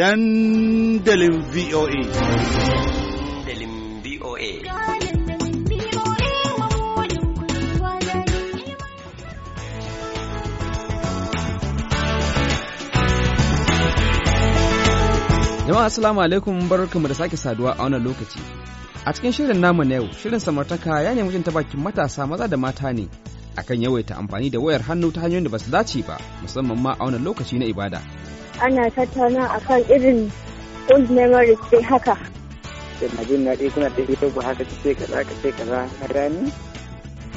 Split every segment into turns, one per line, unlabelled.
dandalin VOA. Dandalin
VOA. Jama'a Assalamu alaikum barkamu da sake saduwa a wannan lokaci. A cikin shirin namu na yau, shirin samartaka ya nemi jin ta bakin matasa maza da mata ne akan yawaita amfani da wayar hannu ta hanyoyin da ba su dace ba musamman ma a wannan lokaci na ibada.
Ana tattauna akan irin old memories sai haka.
Sai na jin daɗi kuna da ita ba haka ce
kaza ka ce kaza na rani.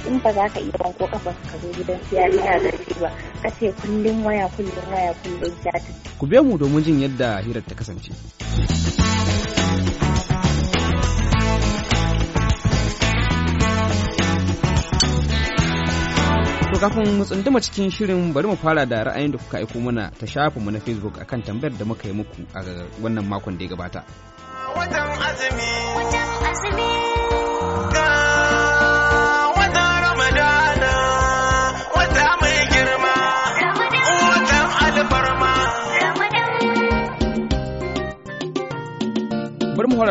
In ba za ka iya ko kafa ka zo gidan siyari na zafi ba ka ce kullum waya kullum waya kullum chatin.
Ku biya mu domin jin yadda hirar ta kasance. kafin mu tsunduma cikin shirin bari mu fara da ra'ayin da kuka aiko mana ta shafin mu na Facebook akan tambayar da muka yi muku a wannan makon da ya gabata. Watan azumi. girma.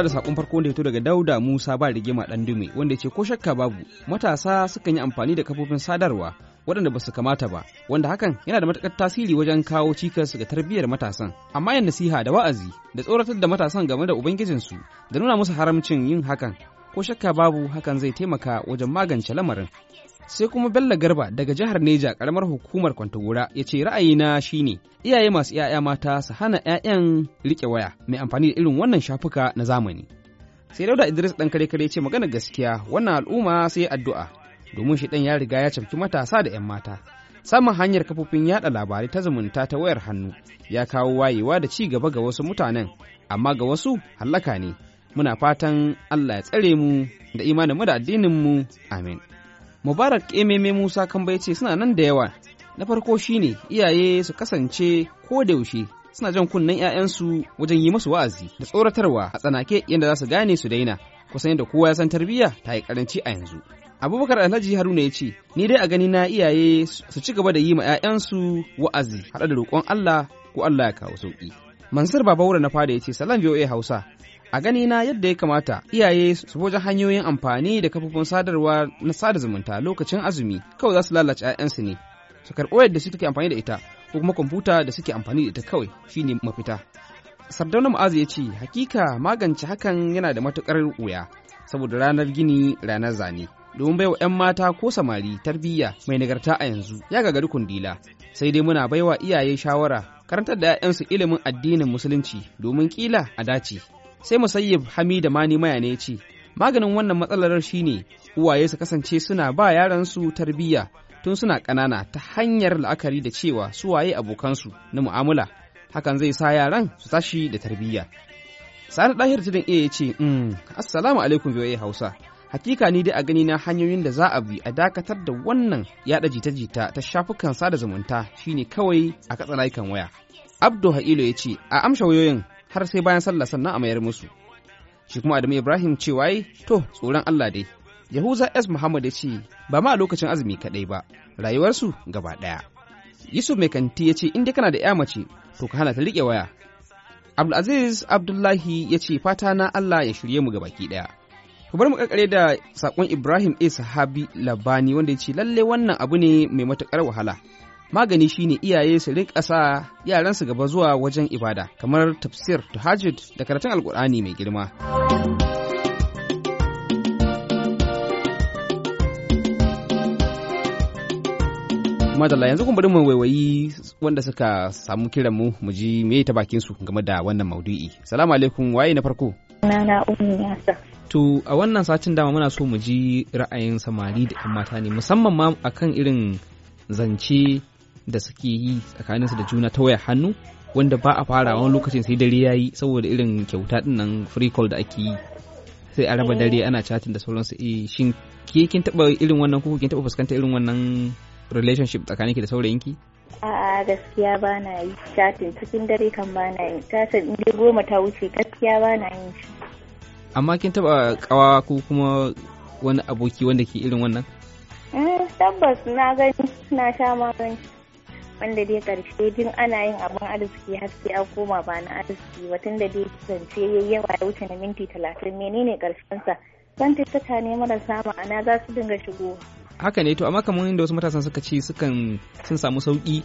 da sakon farko da ya daga Dauda Musa ba rigima dan dume wanda ya ce ko shakka babu matasa sukan yi amfani da kafofin sadarwa waɗanda ba su kamata ba wanda hakan yana da matuƙar tasiri wajen kawo cikas ga tarbiyyar matasan amma yin nasiha da wa'azi da tsoratar da matasan game da ubangijinsu da nuna musu haramcin yin hakan ko shakka babu hakan zai taimaka wajen magance lamarin sai kuma bello garba daga jihar neja karamar hukumar kwantagora ya ce ra'ayina shine iyaye masu 'ya'ya mata su hana 'ya'yan riƙe waya mai amfani da irin wannan shafuka na zamani sai dauda idris dan kare kare ce magana gaskiya wannan al'umma sai addu'a domin shi ɗan ya riga ya cafki matasa da 'yan mata. Samun hanyar kafofin yada labarai ta zumunta ta wayar hannu ya kawo wayewa da ci gaba ga wasu mutanen, amma ga wasu hallaka ne. Muna fatan Allah ya tsare mu da imanin mu da addinin mu. Amin. Mubarak Ememe Musa Kambai ce suna nan da yawa. Na farko shine iyaye su kasance ko da yaushe suna jan kunnen 'ya'yansu wajen yi musu wa'azi da tsoratarwa a tsanake yadda za su gane su daina kusan yadda kowa ya san tarbiyya ta yi karanci a yanzu abubakar alhaji haruna ya ce ni dai a gani na iyaye su ci gaba da yi ma 'ya'yansu wa'azi haɗa da roƙon allah ko allah ya kawo sauƙi mansur wura na fada ya ce salam voa hausa a gani na yadda ya kamata iyaye su wajen hanyoyin amfani da kafofin sadarwa na sada zumunta lokacin azumi kawai za su lalace 'ya'yansu ne su karɓo yadda suke amfani da ita ko kuma kwamfuta da suke amfani da ita kawai shi ne mafita sardauna mu'azu ya ce hakika magance hakan yana da matuƙar wuya saboda ranar gini ranar zane domin baiwa 'yan mata ko samari tarbiyya mai nagarta a yanzu ya gagari kundila sai dai muna baiwa iyaye shawara karantar da 'ya'yansu ilimin addinin musulunci domin kila a dace sai musayyib hamida mani maya ne ce maganin wannan matsalar shine uwaye su kasance suna ba yaransu tarbiyya tun suna ƙanana ta hanyar la'akari da cewa su waye abokansu na mu'amala hakan zai sa yaran su tashi da tarbiyya sani ɗahir tudun iya ya ce mm, assalamu alaikum biyu hausa hakika ni dai a gani na hanyoyin da za a bi a dakatar da wannan yada jita-jita ta shafukan sada zumunta shine kawai a katsa layukan waya abdu ha'ilo ya ce a amsha wayoyin har sai bayan sallah sannan a mayar musu shi kuma adamu ibrahim cewa waye to tsoron allah dai yahuza s muhammad ya ce ba ma a lokacin azumi kaɗai ba rayuwarsu gaba ɗaya yusuf mai kanti ya ce in dai kana da ya mace to ka hana ta riƙe waya abdulaziz abdullahi ya ce fata na allah ya shirye mu gabaki ɗaya To bari mu kakare da sakon Ibrahim A Sahabi Labani wanda ya ce lalle wannan abu ne mai matukar wahala. Magani shine iyaye su rinka sa yaran su gaba zuwa wajen ibada kamar tafsir, tahajjud da karatun Alkur'ani mai girma. Madalla yanzu kuma bari mu waiwayi wanda suka samu kiran mu mu ji me ta bakin su game da wannan maudu'i. Salamu alaikum waye na farko.
Na na ummi
To a wannan satin dama muna so mu ji ra'ayin samari da 'yan mata ne musamman ma akan irin zance da suke yi tsakaninsu da juna ta wayar hannu wanda ba a fara wani lokacin sai dare ya yi saboda irin kyauta din nan free call da ake yi sai a raba dare ana chatting da sauransu eh shin ke kin taba irin wannan ko kin taba fuskantar irin wannan relationship tsakaninki da saurayinki?
A'a gaskiya ba na yi chatting cikin dare kan ba na yi. Tasa inda goma ta wuce gaskiya ba na yin shi.
amma kin taba kawa ko kuma wani aboki wanda ke irin wannan
eh, tabbas na gani na sha magani wanda dai karshe jin ana yin abin arziki har sai a koma ba na arziki ba da dai ya yayi yawa ya wuce na minti talatin menene karshen sa ta saka ne marasa ma'ana za su dinga shigo.
haka ne to amma kamar inda wasu matasan suka ce sukan sun samu sauki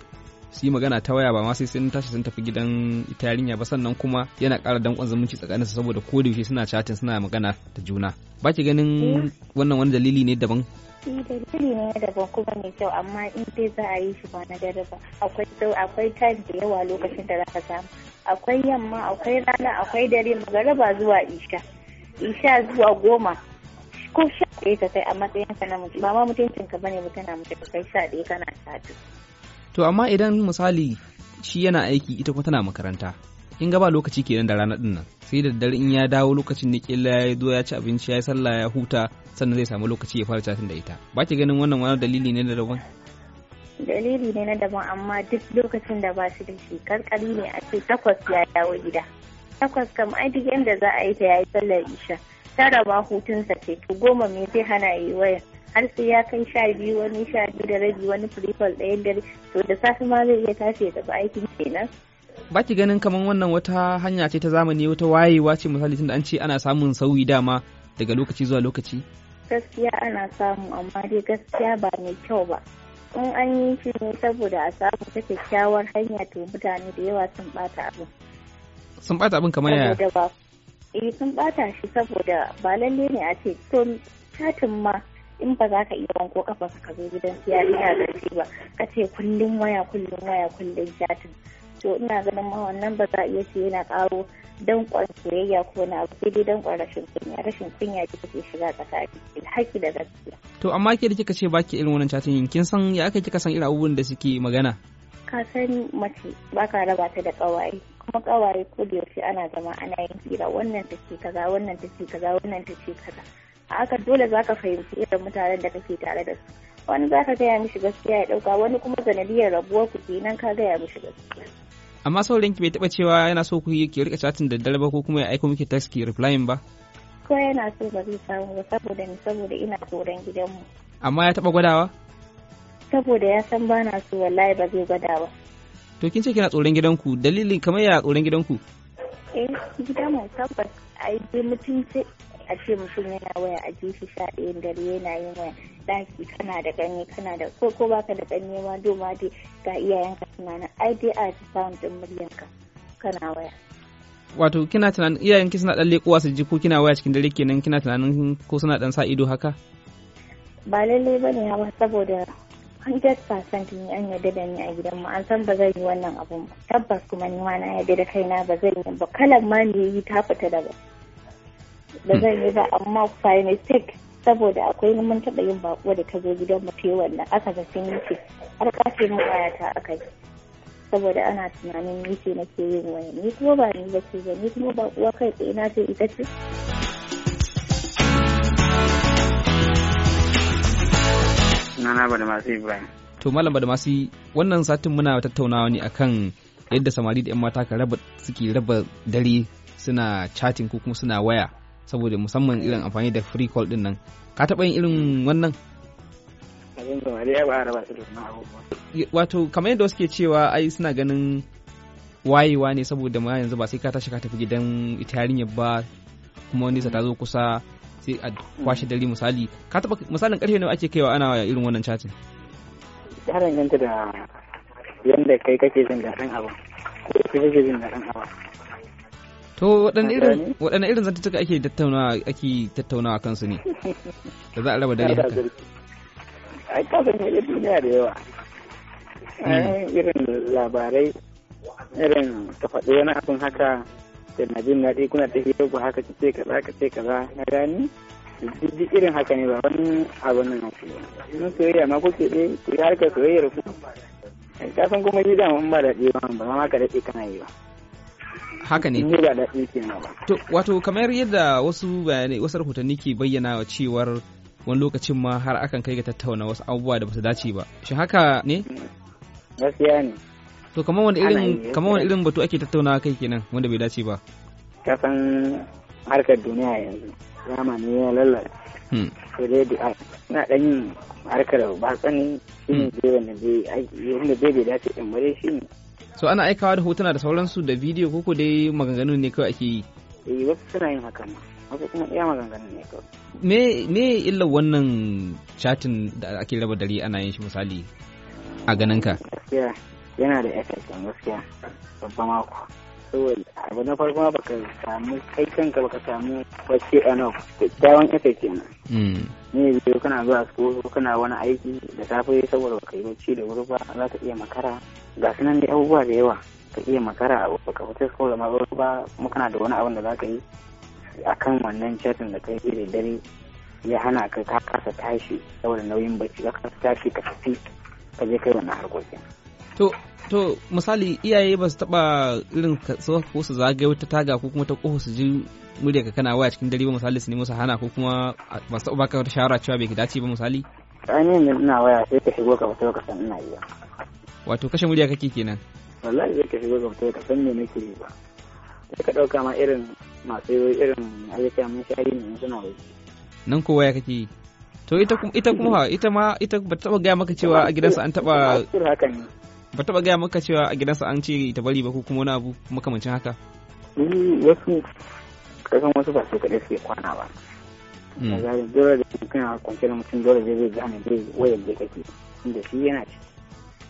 su yi magana ta waya ba ma sai sun tashi sun tafi gidan ita yarinya ba sannan kuma yana ƙara danƙon zumunci tsakaninsu saboda ko da suna chatin suna magana da juna ba ki ganin wannan wani dalili ne daban
shi eh, dalili ne daban kuma mai kyau amma in dai za a yi shi ba na dare ba akwai akwai time da yawa lokacin da za ka samu akwai yamma akwai rana akwai dare magaraba zuwa isha isha zuwa goma ko sha ɗaya ka kai a matsayinka na mutum ba ma mutuncinka ba ne mutum kai sha ɗaya kana sadu
to amma idan misali shi yana aiki ita kuma tana makaranta in ga ba lokaci kenan da rana din nan sai da dare in ya dawo lokacin da kila ya zo ya ci abinci ya yi sallah ya huta sannan zai samu lokaci ya fara chatin da ita ba ki ganin wannan wani dalili ne da daban
dalili ne na daban amma duk lokacin da ba shi da shi karkari ne a ce takwas ya dawo gida takwas kam ai duk yanda za a yi ta yayi sallar isha tara ba hutunsa ce to goma me zai hana yi waya har sai ya kai sha biyu wani sha biyu da rabi wani firifal ɗayan dare to da safe ma zai iya tashi ya tafi aikin kenan.
ba ki ganin kamar wannan wata hanya ce ta zamani wata wayewa ce misali tunda an ce ana samun sauyi dama daga lokaci zuwa lokaci.
gaskiya ana samu amma dai gaskiya ba mai kyau ba in an yi shi ne saboda a samu ta kyakkyawar hanya to mutane da yawa sun bata abin.
sun bata abin kamar yaya.
eh sun bata shi saboda ba lalle ne a ce to chatin ma in ba za ka iya wanko kafa ka zo gidan siya ina shi ba ka ce kullum waya kullum waya kullum jatin to ina ganin ma wannan ba za a iya ce yana karo dankon soyayya ko na abu sai dai dankon rashin kunya rashin kunya ce kake shiga tsakani haki da gaskiya.
to amma ke da kika ce baki irin wannan chatin kin san ya kai kika san irin abubuwan da suke magana.
ka san mace baka raba ta da ƙawaye kuma ƙawaye ko da yaushe ana zama ana yin kira wannan take kaza wannan take kaza wannan take kaza. haka dole za ka fahimci irin mutanen da kake tare da su wani za ka gaya mishi gaskiya ya ɗauka wani kuma zanadiyar rabuwar ku kenan ka gaya mishi gaskiya
amma saurin ki bai taɓa cewa yana so ku ki rika chatin da dare ba ko kuma ya aiko miki text ki replying ba
ko yana so ba zai samu ba saboda ni saboda ina tsoron gidanmu
amma ya taɓa gwadawa
saboda ya san bana so wallahi ba zai gwada ba
to kin ce kina tsoron gidanku dalilin kamar ya tsoron gidanku
eh gidanmu tabbas ai dai mutunci a ce mutum yana waya a jishi sha ɗayan dare yana yin waya ɗaki kana da ƙanye kana da ko ko baka da ƙanye ma doma dai ga iyayenka suna nan ai dai a sound ɗin muryanka kana waya.
Wato kina tunanin iyayenki suna ɗan leƙowa su ji ko kina waya cikin dare kenan kina tunanin ko suna ɗan sa ido haka?
Ba lallai ba ne hawa saboda percent ne an yarda da ni a gidan mu an san ba zan yi wannan abun tabbas kuma ni ma na yarda da kaina ba zan yi ba kalan ma ne yi ta fita daga da hmm. zan yi ba amma by mistake saboda akwai mun taɓa yin bako da ta zo gidan mu wannan aka ga sun yi har kace mun wayata aka yi saboda ana tunanin ni ce nake yin waya ni kuma ba ni ba ce ba ni kuma ba uwa kai tsaye na ce ita ce
sunana Badamasi Ibrahim. To Malam Badamasi wannan satin muna tattaunawa ne akan yadda samari da 'yan mata ka raba suke raba dare suna chatting ko kuma suna waya saboda musamman irin amfani da free call din nan ka taɓa yin irin wannan wato kamar yadda suke cewa ai suna ganin wayewa ne saboda ma yanzu ba sai ka tashi ka tafi gidan ita yarinya ba kuma wani ta zo kusa sai a kwashe dare misali ka taba misalin karfe nawa ake kaiwa ana irin wannan chatin
ya danganta da yanda kai kake jin daɗin abu ko kake jin daɗin abu
To waɗanne irin waɗanne irin zantuka ake tattauna ake tattauna su ne. Da za a raba dare haka.
Ai ka san ne duniya da yawa. Hmm. Irin labarai irin ka faɗi wani abin haka da na jin daɗi kuna ta hira ku haka ka ce kaza ka ce kaza na gani. Duk irin haka ne ba wani abu nan ake. Ina soyayya ma kuke ne ku yi harkar soyayyar ku. Ka san kuma yi da mun ba daɗi ba ma ka daɗe kana yi ba.
haka ne to wato kamar yadda wasu bayanai wasu rahotanni ke bayyana cewar wani lokacin ma har akan kai ga tattauna wasu abubuwa da basu dace ba shi haka ne gaskiya ne to kamar wani irin kamar wani irin batu ake tattauna kai kenan wanda bai dace ba
ka san harkar duniya yanzu zamani ya lalata. Hmm. sai dai na dan yin harkar ba tsani shi ne hmm. wanda bai dace in bare shi ne
so ana aikawa da hotuna da sauransu da bidiyo koko dai maganganun ne kawai ake yi
eh wasu suna yin hakan wasu kuma iya maganganun ne kawai
me me illa wannan chatin da ake raba dare ana yin shi misali a ganin ka
gaskiya yana da effect gaskiya babban mako saboda abu na farko baka samu kai kanka baka samu wasu enough kyakkyawan ita kenan hmm. ne biyu kana zuwa su kana wani aiki da safe saboda baka yi bacci da wuri ba za ka iya makara ga su nan abubuwa da yawa ka iya makara baka fita su da ma ba mu kana da wani abin da za ka yi a kan wannan chatin da kai da dare ya hana ka ka kasa tashi saboda nauyin bacci ka kasa tashi ka tafi ka je kai wannan harkokin.
To to misali iyaye ba su taba irin su ko su zagaye wata taga ko kuma ta kofa su ji murya ka kana waya cikin dare ba misali su nemo su hana ko kuma ba su taba baka wata shawara cewa bai dace ba misali
ne ina waya sai ka shigo ka fito ka san ina iya
wato kashe murya kake kenan
wallahi sai ka shigo ka fito ka san me nake yi ba sai ka dauka ma irin masu irin ayyuka mun shari ne suna waje
nan ko waya kake yi to ita kuma ita kuma ita ma ita ba ta taba gaya maka cewa a gidansa an taba haka ne ba taba gaya maka cewa a gidansa an ce ita bari ba ko kuma wani abu makamancin haka
wasu kasan wasu ba su kaɗai suke kwana ba zai hmm. dole da kana da mutum dole zai zai gane zai wayar da kake inda shi yana ci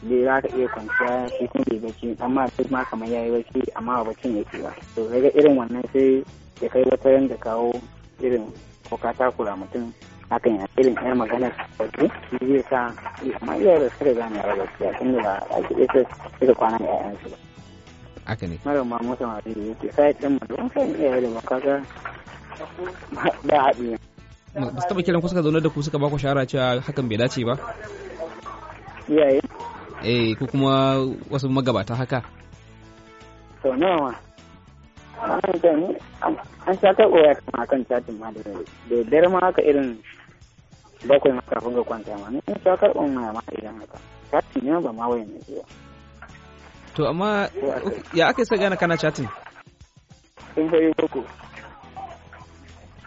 dai za ka iya kwanciya shi kun bai bacci amma sai ma kamar yi bacci amma ba baccin yake ba to daga irin wannan sai ya kai wata yanda kawo irin ko ka takura mutum hakan ya irin yar maganar sauki shi zai sa amma iya da suka gane ba gaskiya tun da ba a ke isa suka kwana da su ba. haka ne mara ma mota ma zai yi ke sai ɗan mutum don kan iyaye da makaga ba haɗi ne.
ba su taɓa kiran ku suka zaune da ku suka ba ku shahara cewa hakan bai dace ba? iyaye. eh ko kuma wasu magabata haka.
sau nawa an sha taɓa waya kama akan chatin ma da dare ma haka irin bakwai ma kafin ga kwanta ma ni in sha karɓan waya ma idan haka chatin ne ba ma waya ne zuwa.
to amma ya ake sa gane kana chatin.
sun fayi boko.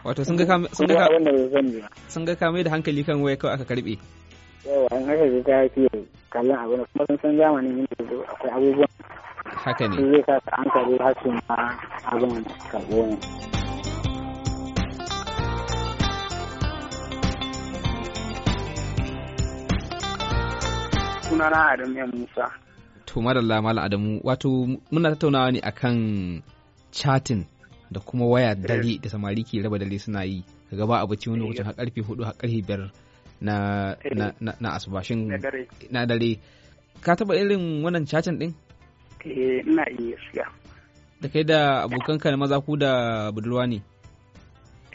wato sun ga sun ga kame da hankali kan waya kawai aka karbe.
yawa an haka ga ta fiye kallon abu na kuma sun san zamanin yin da akwai abubuwan haka ne zai sa ka hankali ma abin karbo ne sunana Adamu yan
Musa to madalla malam Adamu wato muna tattaunawa ne akan chatting da kuma waya eh. dare da samari ke raba dare suna yi gaba ba abuci wani lokacin eh. har karfe hudu har karfe biyar na na eh. na asubashin na dare ka taba irin wannan chatin din
eh ina yi gaskiya
da kai da abokanka na maza ku da budurwa ne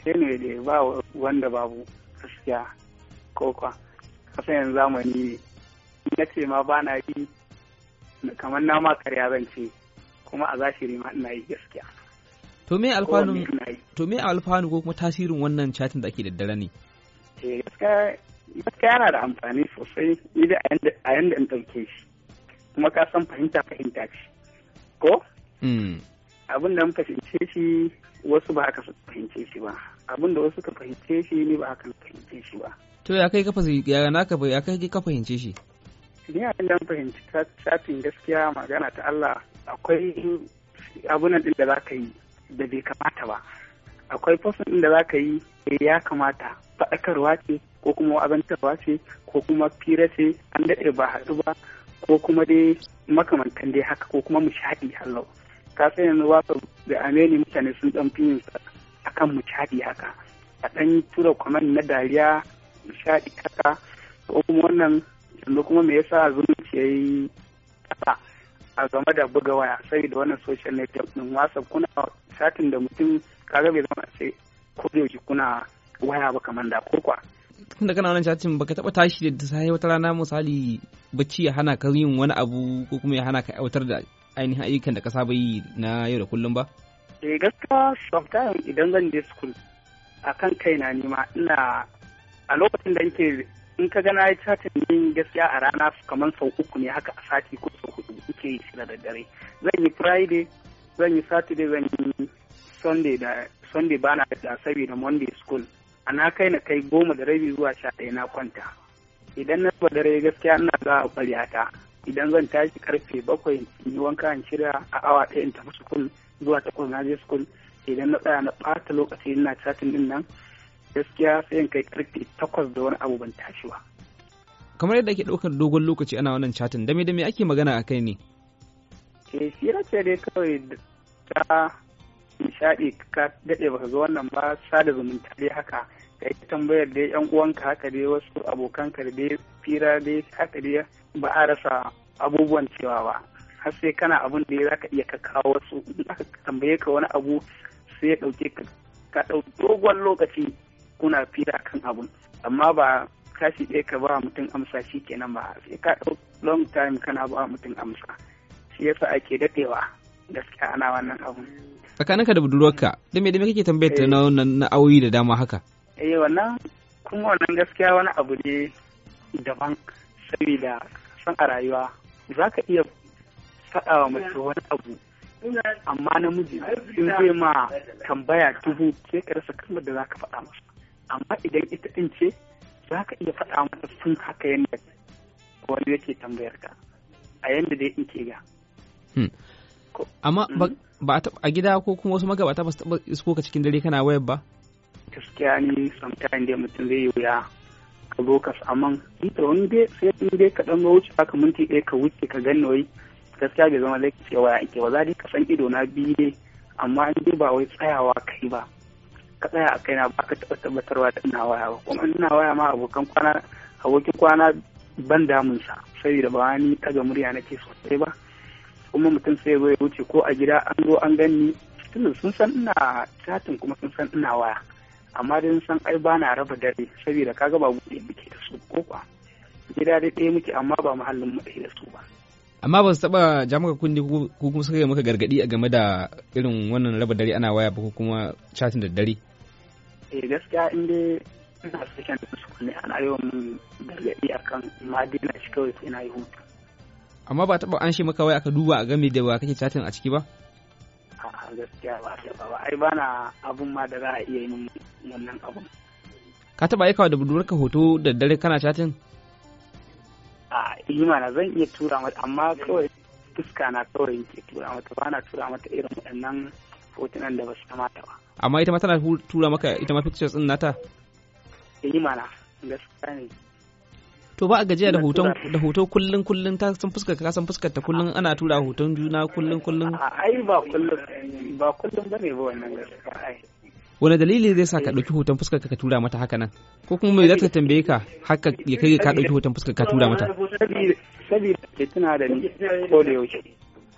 Ke ne da ba wanda babu gaskiya ko kwa kasan yanzu zamani ne Ina ce ma ba na yi kamar na ma karya zan ce kuma a zashiri ma ina yi gaskiya
to me alfanu to alfanu ko kuma tasirin wannan chatin da ake daddare ne
eh, gaskiya yana da amfani sosai ni da a yanda in ɗauke shi kuma ka san fahimta fahimta ce ko hmm. abin da muka fahimce shi wasu ba haka fahimce shi ba abin da wasu ka fahimce shi ni ba haka fahimce shi ba
to ya kai ka fahimce ya na ka ya kai ka fahimce shi
ni a nan fahimci shafin gaskiya magana ta Allah akwai abun din da za ka yi da bai kamata ba akwai fasin din da za ka yi eh, ya kamata faɗakarwa ce ko kuma azantarwa ce ko kuma fira ce an daɗe ba haɗu ba ko kuma dai makamantan dai haka ko kuma mushadi hallau ka sai yanzu wasu da ameni mutane sun dan fiyin sa akan mushadi haka a dan tura kwaman na dariya mushadi haka ko kuma wannan yanzu kuma me yasa zumunci yayi kasa a game da buga waya saboda wannan social network din whatsapp kuna satin da mutum kaga bai zama sai ko yaushe kuna waya ba kamar da ko kwa
tunda kana wannan cacin baka taba tashi da sai wata rana misali bacci ya hana ka yin wani abu ko kuma ya hana ka aiwatar da ainihin ayyukan da ka saba yi na yau da kullum ba
eh gaskiya sometimes idan zan je school akan kaina ne ma ina a lokacin da nake in ka gana chatin cata gaskiya a rana kamar sau uku ne haka a sati ko sau hudu nake yi da daddare zan yi friday zan yi saturday zan yi sunday da sunday bana da saboda monday school ana kai na kai goma da rabi zuwa sha ɗaya na kwanta idan na zuwa dare gaskiya ina za a kwariya ta idan zan tashi karfe bakwai in yi wanka in shirya a awa ɗaya in tafi sukul zuwa takwas na je sukul idan na tsaya na ɓata lokaci ina catin din nan gaskiya sai in kai karfe takwas da wani abu ban tashi ba.
kamar yadda ake ɗaukar dogon lokaci ana wannan chatin, dame dame ake magana a kai ne.
ke eh, fira ce dai kawai ta nishaɗi ka daɗe ba ka zo wannan ba sada zumunta dai haka ka yi tambayar da yan uwanka haka dai wasu abokanka da dai fira dai haka dai ba a rasa abubuwan cewa ba har sai kana abun da za ka iya ka kawo wasu aka tambaye ka wani abu sai ya ɗauke ka ka ɗau dogon lokaci kuna fira kan abun amma ba kashi ɗaya ka ba mutum amsa shi kenan ba sai ka ɗau long time kana ba mutum amsa shi yasa ake daɗewa gaskiya ana wannan abun
tsakaninka da budurwarka da me kake tambayar ta na na da dama haka
eh wannan kuma wannan gaskiya wani abu ne daban saboda san a rayuwa za ka iya faɗa wa mutum wani abu amma namiji in zai ma tambaya dubu sai ka rasa kalmar da za ka faɗa masa amma idan ita ɗin ce za ka iya faɗa mata sun haka yadda wani yake tambayar ka a yadda dai in ke ga
hmm. amma ba hmm. a gida ko kuma wasu magabata ba su taɓa isko ka cikin dare kana wayar ba
gaskiya ni sometime dai mutum zai yi wuya ka zo ka saman ita wani dai sai in dai ka dan wuce haka minti ɗaya ka wuce ka ganni wai gaskiya bai zama laifi cewa ya ake ba za ka san ido na biyu ne, amma in dai ba wai tsayawa kai ba ka tsaya a kaina ba ka taɓa tabbatarwa da ina waya ba kuma ina waya ma abokan kwana abokin kwana ban damunsa saboda ba wani taga murya nake sosai ba kuma mutum sai zo ya wuce ko a gida an zo an ganni sun san ina chatin kuma sun san ina waya amma dai san ai ba na raba dare saboda kaga ba buɗe muke da su ko kwa gida dai ɗaya muke amma ba muhallin mu da su ba
amma ba su taba jami'a kundi ko kuma suka yi maka gargadi a game da irin wannan raba dare ana waya ba ko kuma chatin da dare
eh gaskiya in dai ina sakin su ne ana yawan gargadi akan ma dina shi kawai sai na yi hutu
amma ba taba an shi maka waya aka duba a game da wa kake chatin a ciki ba
a gaskiya ba taba ba ai bana abun ma da za a iya yin wannan abun
ka taba aikawa da budurarka hoto da dare kana chatin
a imana zan iya tura mata amma kawai fuska na kawai ke tura mata ba na tura mata irin waɗannan hotunan da ba su kamata ba
amma ita ma tana tura maka ita ma pictures din nata
eh, imana gaskiya ne
to ba a gajiya da hoton da hoto kullun kullun ta san fuskar ka san fuskar ta kullun ana tura hoton juna kullun kullun
ai ba kullun ba kullun bane ba wannan gaskiya
wani dalili zai sa ka ɗauki hoton fuskar ka tura mata haka nan ko kuma mai za ta tambaye ka haka ya kai ka ɗauki hoton fuskar ka tura mata
saboda ke tuna da ni ko da yaushe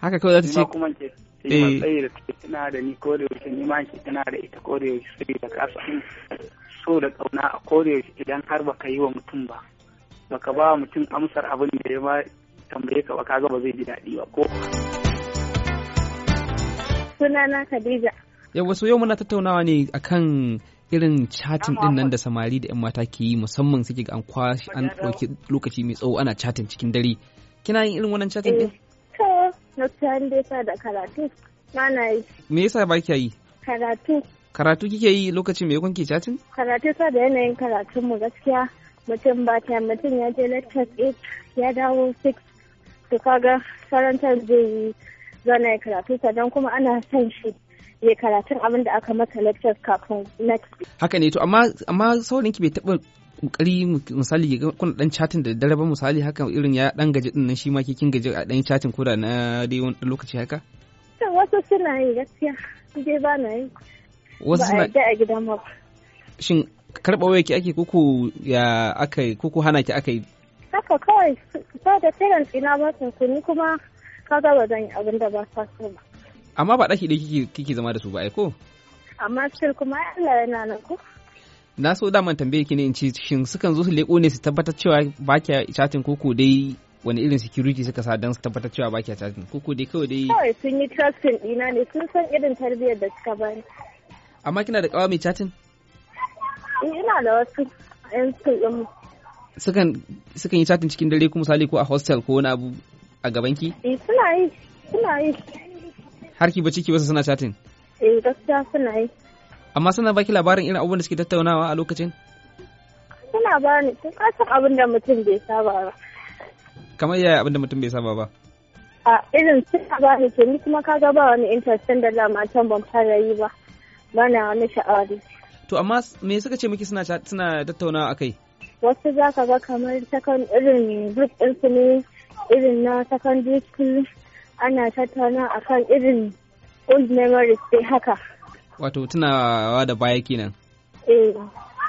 haka kawai za ta ce kuma ce eh.
da tuna da ni ko da yaushe ni ma ke tuna da ita ko da yaushe saboda ka so da kauna a ko da yaushe idan har baka yi wa mutum ba baka ba mutum amsar abin da ya ma tambaye ka ba kaga ba zai ji daɗi ba ko
sunana Khadija
Yawwa so yau muna tattaunawa ne akan irin chatin din nan da samari da 'yan mata ke yi musamman suke ga an kwashi an ɗauki lokaci mai tsawo ana chatin cikin dare kina yin irin wannan chatin din
eh, to na tsayin da sa da karatu ma na yi
me yasa ba kya yi karatu karatu kike yi lokacin me kun ke chatin
karatu sa da yanayin karatun mu gaskiya mutum ba ta mutum ya je lectures 8 eh, ya dawo 6 to kaga karantar zai yi zana ya karatu sannan kuma ana son shi ya karatun abin da aka mata lectures kafin next
haka ne to amma amma saurin ki bai taba kokari misali kuna dan chatin da dare ba misali haka irin ya dan gaji din nan shi ma kin gaji a dan chatin ko da na dai wani lokaci haka
wasu suna yi gaskiya dai ba na yi wasu suna a gidan ma
shin karɓa waya ki ake kuku ya aka yi kuku hana ki aka yi
haka kawai ba da parents ina ba su kuni kuma ka ga ba zan yi abin da ba sa so ba
amma ba ɗaki ɗaya kike zama da su ba aiko
amma cikin kuma Allah yana nan ko
na so daman tambaye ki ne in ci shin sukan zo su leƙo ne su tabbatar cewa ba kya chatin kuku dai wani irin security suka sa don su tabbatar cewa ba kya chatin kuku dai kawai dai
kawai sun yi trusting ɗina ne sun san irin tarbiyyar da suka bani
amma kina da ƙawa mai catin.
Eh, ina da wasu yan sukan
sukan sukan yi chatin cikin dare ko misali ko a hostel ko wani abu a gaban ki
eh suna yi suna yi
har ki bace ki wasu suna chatin
eh gaskiya suna yi
amma suna baki labarin irin abubuwan da suke tattaunawa a lokacin
suna ba ni sun kasa abin da mutum bai saba ba
kamar yaya abin da mutum bai saba ba
a irin suna ni ke ni kuma kaga ba wani interest da lamatan ban fara yi ba bana wani sha'awa
To amma me suka ce miki suna suna tattaunawa akai?
Wasu za ka ga kamar takan irin group ɗinsu su ne irin na secondary school ana tattauna akan irin old memories dai haka.
Wato tunawa da baya kenan. Eh.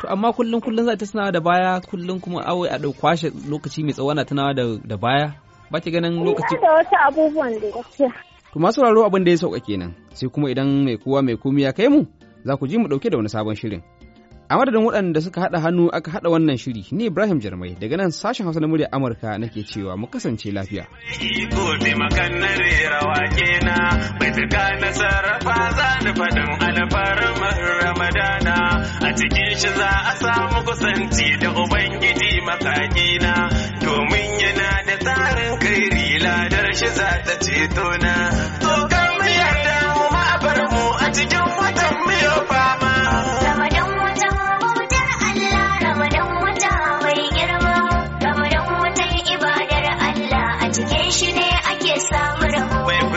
To amma kullum kullum za ta tunawa da baya kullum kuma awai a ɗau kwashe lokaci mai tsawo tunawa da baya. Ba ki ganin lokaci.
Ina da wasu abubuwan da gaskiya.
To masu raro abin da ya sauka kenan sai kuma idan mai kowa mai komi ya kai mu. za ku ji mu ɗauke da wani sabon shirin. A madadin waɗanda suka haɗa hannu aka haɗa wannan shiri ni Ibrahim Jarmai daga nan sashen Hausa na murya Amurka nake cewa mu kasance lafiya.
Iko taimakannar rawa kena bai tuka na sarrafa za ni faɗin alfarmar Ramadana a cikin shi za a samu kusanci da Ubangiji makakina
domin yana da tsarin kairi ladar shi za ta ceto na.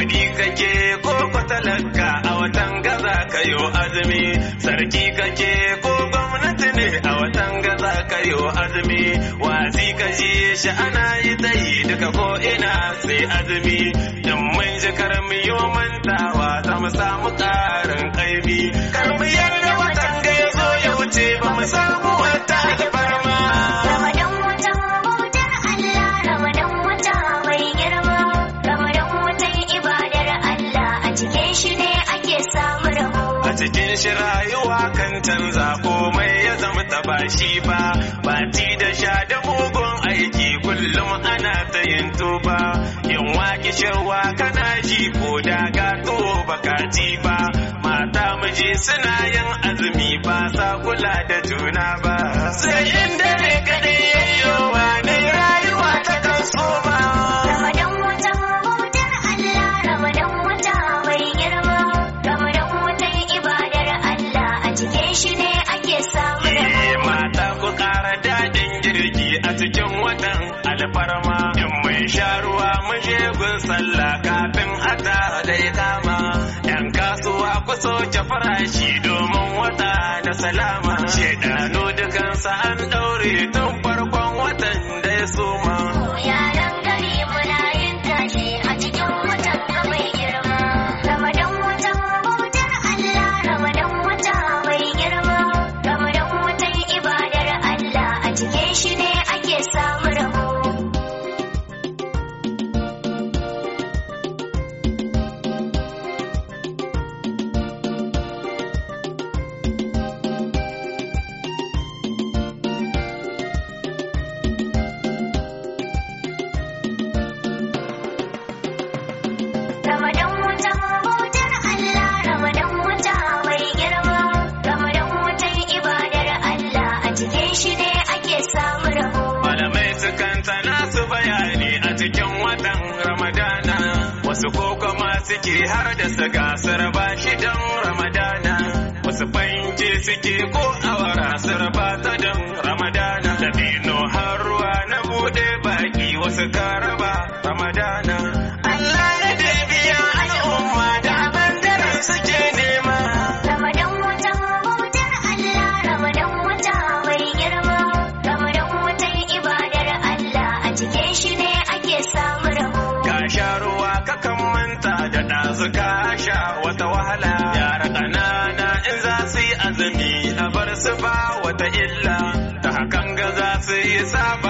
kuɗi kake ko kwatalaka a watan gaza ka wa azumi sarki kake ko gwamnati ne a watan gaza ka wa azumi wasi ka shi ana yi tsayi daga ko ina sai azumi in mun ji karmi wa mantawa za mu samu ƙarin ƙaimi karmi yadda watan ga ya zo ya wuce ba mu samu wata alfarma shi rayuwa kan canza komai ya zama ta bashi ba bati da sha da mugun aiki kullum ana ta yin tuba yin waki shirwa kana ji ko da gato baka ji ba mata miji suna yin azumi ba sa kula da juna ba sai inda soke farashi domin wata da salama. Shedano kansa an ɗaure tun farkon watan da ya soma.
wasu garaba ramadana Allah ya
biya al'umma da abin suke nema ramadan wata bautar Allah ramadan wata mai girma ramadan watan ibadar Allah a cikin shi ne ake samu rabo ka
sha ruwa kakan manta da ɗazu ka sha wata wahala yara ƙanana in za su yi azumi a bar su ba wata illa
ta hakan ga za su yi samu